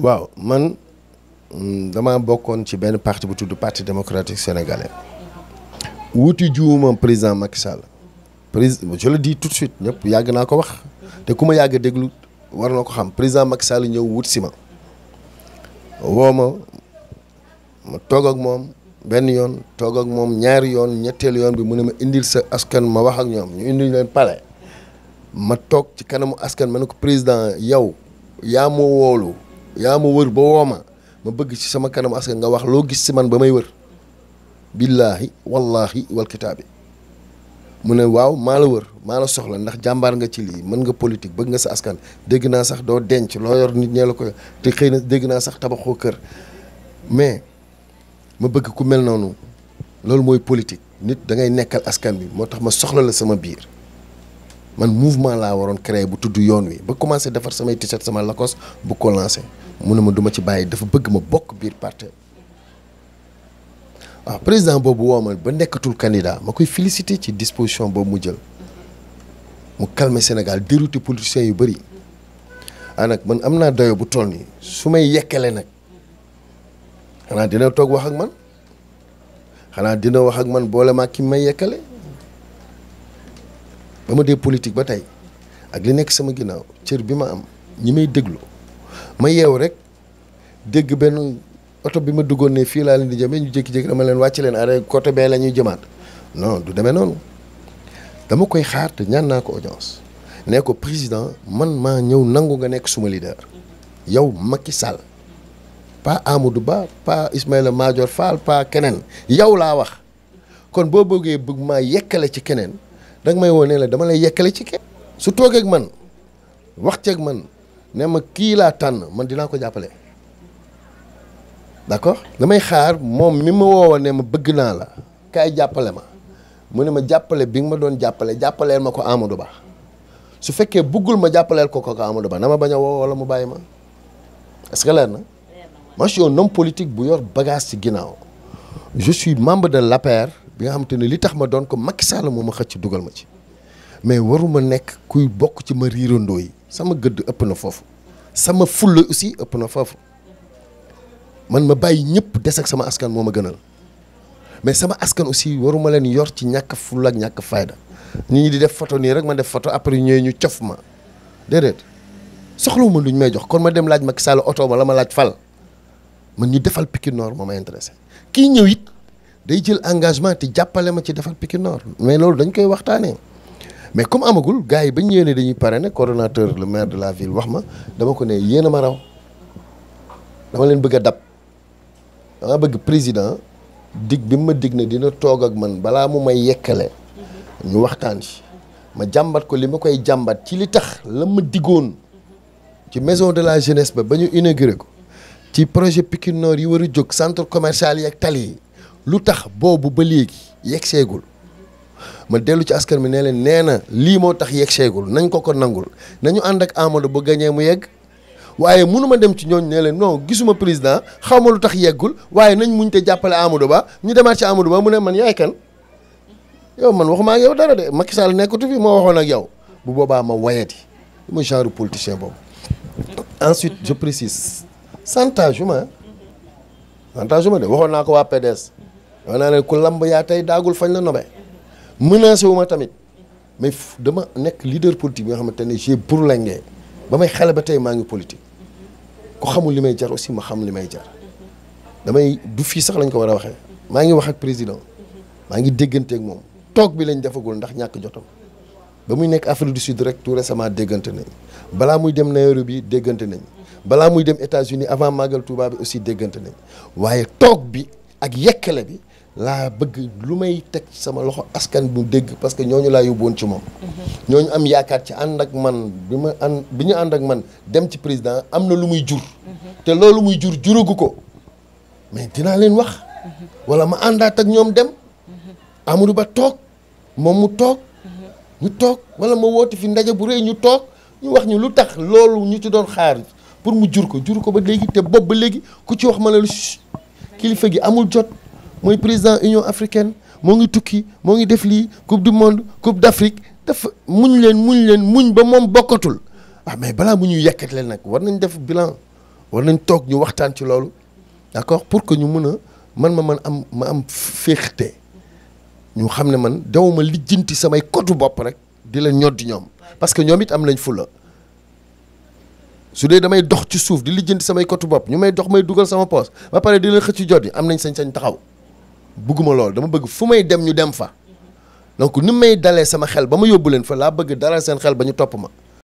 waaw man mm, dama bokkoon ci benn parti bu tudd parti démocratique sénégalais wuti juuma président Macky Sall président je le dis tout de suite ñëpp yàgg naa ko wax te ku ma yàgg déglu war na ko xam président Macky Sall ñëw wut si ma woo ma ma toog ak moom benn yoon toog ak moom ñaari yoon ñetteelu yoon bi mu ne ma indil sa askan ma wax ak ñoom ñu indil leen palais ma toog ci kanamu askan ma ne ko président yow yaa ma woolu yaa ma wër ba woo ma ma bëgg ci sama kanam askan nga wax loo gis ci man ba may wër billaahi wallaahi wal kitaabi mu ne waaw maa la wër maa la soxla ndax jàmbaar nga ci lii mën nga politique bëgg nga sa askan dégg naa sax doo denc loo yor nit ñee la ko te xëy na dégg naa sax tabaxoo kër mais ma bëgg ku mel noonu loolu mooy politique nit da ngay nekkal askan bi moo tax ma soxla la sama biir man mouvement laa waroon créer bu tudd yoon wi ba commencé defar samay t-shirt sama Lacoste bu ko mu ne ma duma ci bàyyi dafa bëgg ma bokk biir parti waaw président boobu woo ma ba nekkatul candidat ma koy félicité ci disposition boobu mu jël mu calmer Sénégal dérouté politiciens yu bëri ah nag man am naa doyo bu toll nii su may yekkale nag xanaa dina toog wax ak man xanaa dina wax ak man boole maa ki may yekkale ba ma dee politique ba tey ak li nekk sama ginnaaw cër bi ma am ñi may déglu ma yeew rek dégg benn oto bi ma duggoon ne fii laa leen di jëmee ñu jékki-jékki dama leen wàcc leen arrêt côté bee la ñuy jëmaat non du demee noonu dama koy xaar te ñaan naa ko audience ne ko président man maa ñëw nangu nga nekk suma leader yow makki Sall pas Amadou Ba pas Ismaïla Madior Fall pas keneen yow laa wax kon boo bëggee bëgg maa yekkale ci keneen danga may woo ne la dama lay yekkale ci ke su toogeek man wax ceeg man ne ma kii laa tànn man dinaa ko jàppale d'accord damay xaar moom mi ma woowoon ne ma bëgg naa la kaay jàppale ma mu ne ma jàppale bi nga ma doon jàppale jàppaleel ma ko Amadou baax su fekkee buggul ma jàppaleel ko ko Amadou Ba na ma bañ a woo wala mu bàyyi ma est que leer na moi je suis bu yor bagage ci ginnaaw je suis membre de l'APR bi nga xamante ne li tax ma doon ko Macky Sall moo ma xëcc dugal ma ci mais waruma nekk kuy bokk ci ma riirandoo yi sama gëdd ëpp na foofu sama fulla aussi ëpp na foofu man ma bàyyi ñëpp des ak sama askan moo ma gënal mais sama askan aussi waruma leen yor ci ñàkk fulla ak ñàkk fayda nit ñi di def foto nii rek ma def foto après ñëwee ñu cof ma déedéet soxlawuma luñ may jox kon ma dem laaj Macky Sall oto ma la ma laaj fal man ñu defal Pikine Nord moo intéressé kii ñëw it day jël engagement te jàppale ma ci defar Pikine Nord mais loolu dañ koy waxtaanee mais comme amagul gars yi bañ ñëwee ne dañuy parrainer coordonnateur le maire de la ville wax ma dama ko ne yéen a ma raw dama leen bëgg a dab dama bëgg président dig bi mu ma dig ne dina toog ak man balaa mu may yekkale ñu waxtaan ci ma jàmbat ko li ma koy jàmbat ci li tax la ma diggoon ci maison de la jeunesse ba ba ñu inauguré ko ci projet Pikine yi war a jóg centre commercial yi tali yi lu tax boobu ba léegi yegg seegul ma dellu ci askan bi nee leen nee na lii moo tax yegg seegul nañ ko ko nangul nañu ànd ak Amadou bu gañee mu yegg waaye mënuma dem ci ñooñ ne leen non gisuma président xaw ma lu tax yeggul waaye nañ muñ te jàppale Amadou Ba ñu demaat ci Amadou Ba mu ne man yaay kan yow man waxuma ak yow dara de Macky Sall nekkatu fi moo waxoon ak yow bu boobaa ma wayati muy genre politicien boobu. ensuite je précise chantage ma chantage ma de waxoon naa ko waa PDS. wax naa ne ku lamb yaa tey daagul fañ la nobee menacé wu ma tamit mais dama nekk leader politique bi nga xamante ne j'ai bourlingué ba may xale ba tey maa ngi politique ku xamul li may jar aussi ma xam li may jar damay du fii sax lañ ko war a waxee maa ngi wax ak président maa ngi dégganteeg moom toog bi lañ defagul ndax ñàkk jotam ba muy nekk Afrique du Sud rek tout récemment déggante nañ balaa muy dem Nairobi déggante nañ balaa muy dem États-Unis avant màggal Touba bi aussi déggante nañ waaye toog bi ak yekkale bi la bëgg lu may sama loxo askan bu dégg parce que ñoñu la yóbboon ci mom ñoñu am yaakar ci and ak man bima and biñu and ak man dem ci président am na lu muy jur. té loolu muy jur jurugu ko mais dina leen wax. wala ma andat ak ñom dem. Amadou Ba tok mom mu tok ñu tok wala ma woti fi ndaje bu rëy ñu tok ñu wax ñu lu tax loolu ñu ci doon xaar pour mu jur ko jur ko ba légui te bopp ba léegi ku ci wax ma ne kilifa gi amul jot. mooy président union africaine moo ngi tukki moo ngi def lii coupe du monde coupe d'Afrique dafa muñ leen muñ leen muñ ba moom bokkatul ah mais balaa mu ñuy yekkat leen nag war nañ def bilan war nañ toog ñu waxtaan ci loolu d'accord pour que ñu mën a man ma man am ma am féexte ñu xam ne man dawuma lijjanti samay kotu bopp rek di la ñoddi ñoom parce que ñoom it am nañ fulla su dee damay dox ci suuf di lijjanti samay kotu bopp ñu may dox may dugal sama poos ba pare di la xëcc jot yi am nañ sañ-sañ taxaw bëgguma loolu dama bëgg fu may dem ñu dem fa donc ni may dalee sama xel ba ma yóbbu leen fa laa bëgg dara seen xel ba ñu topp ma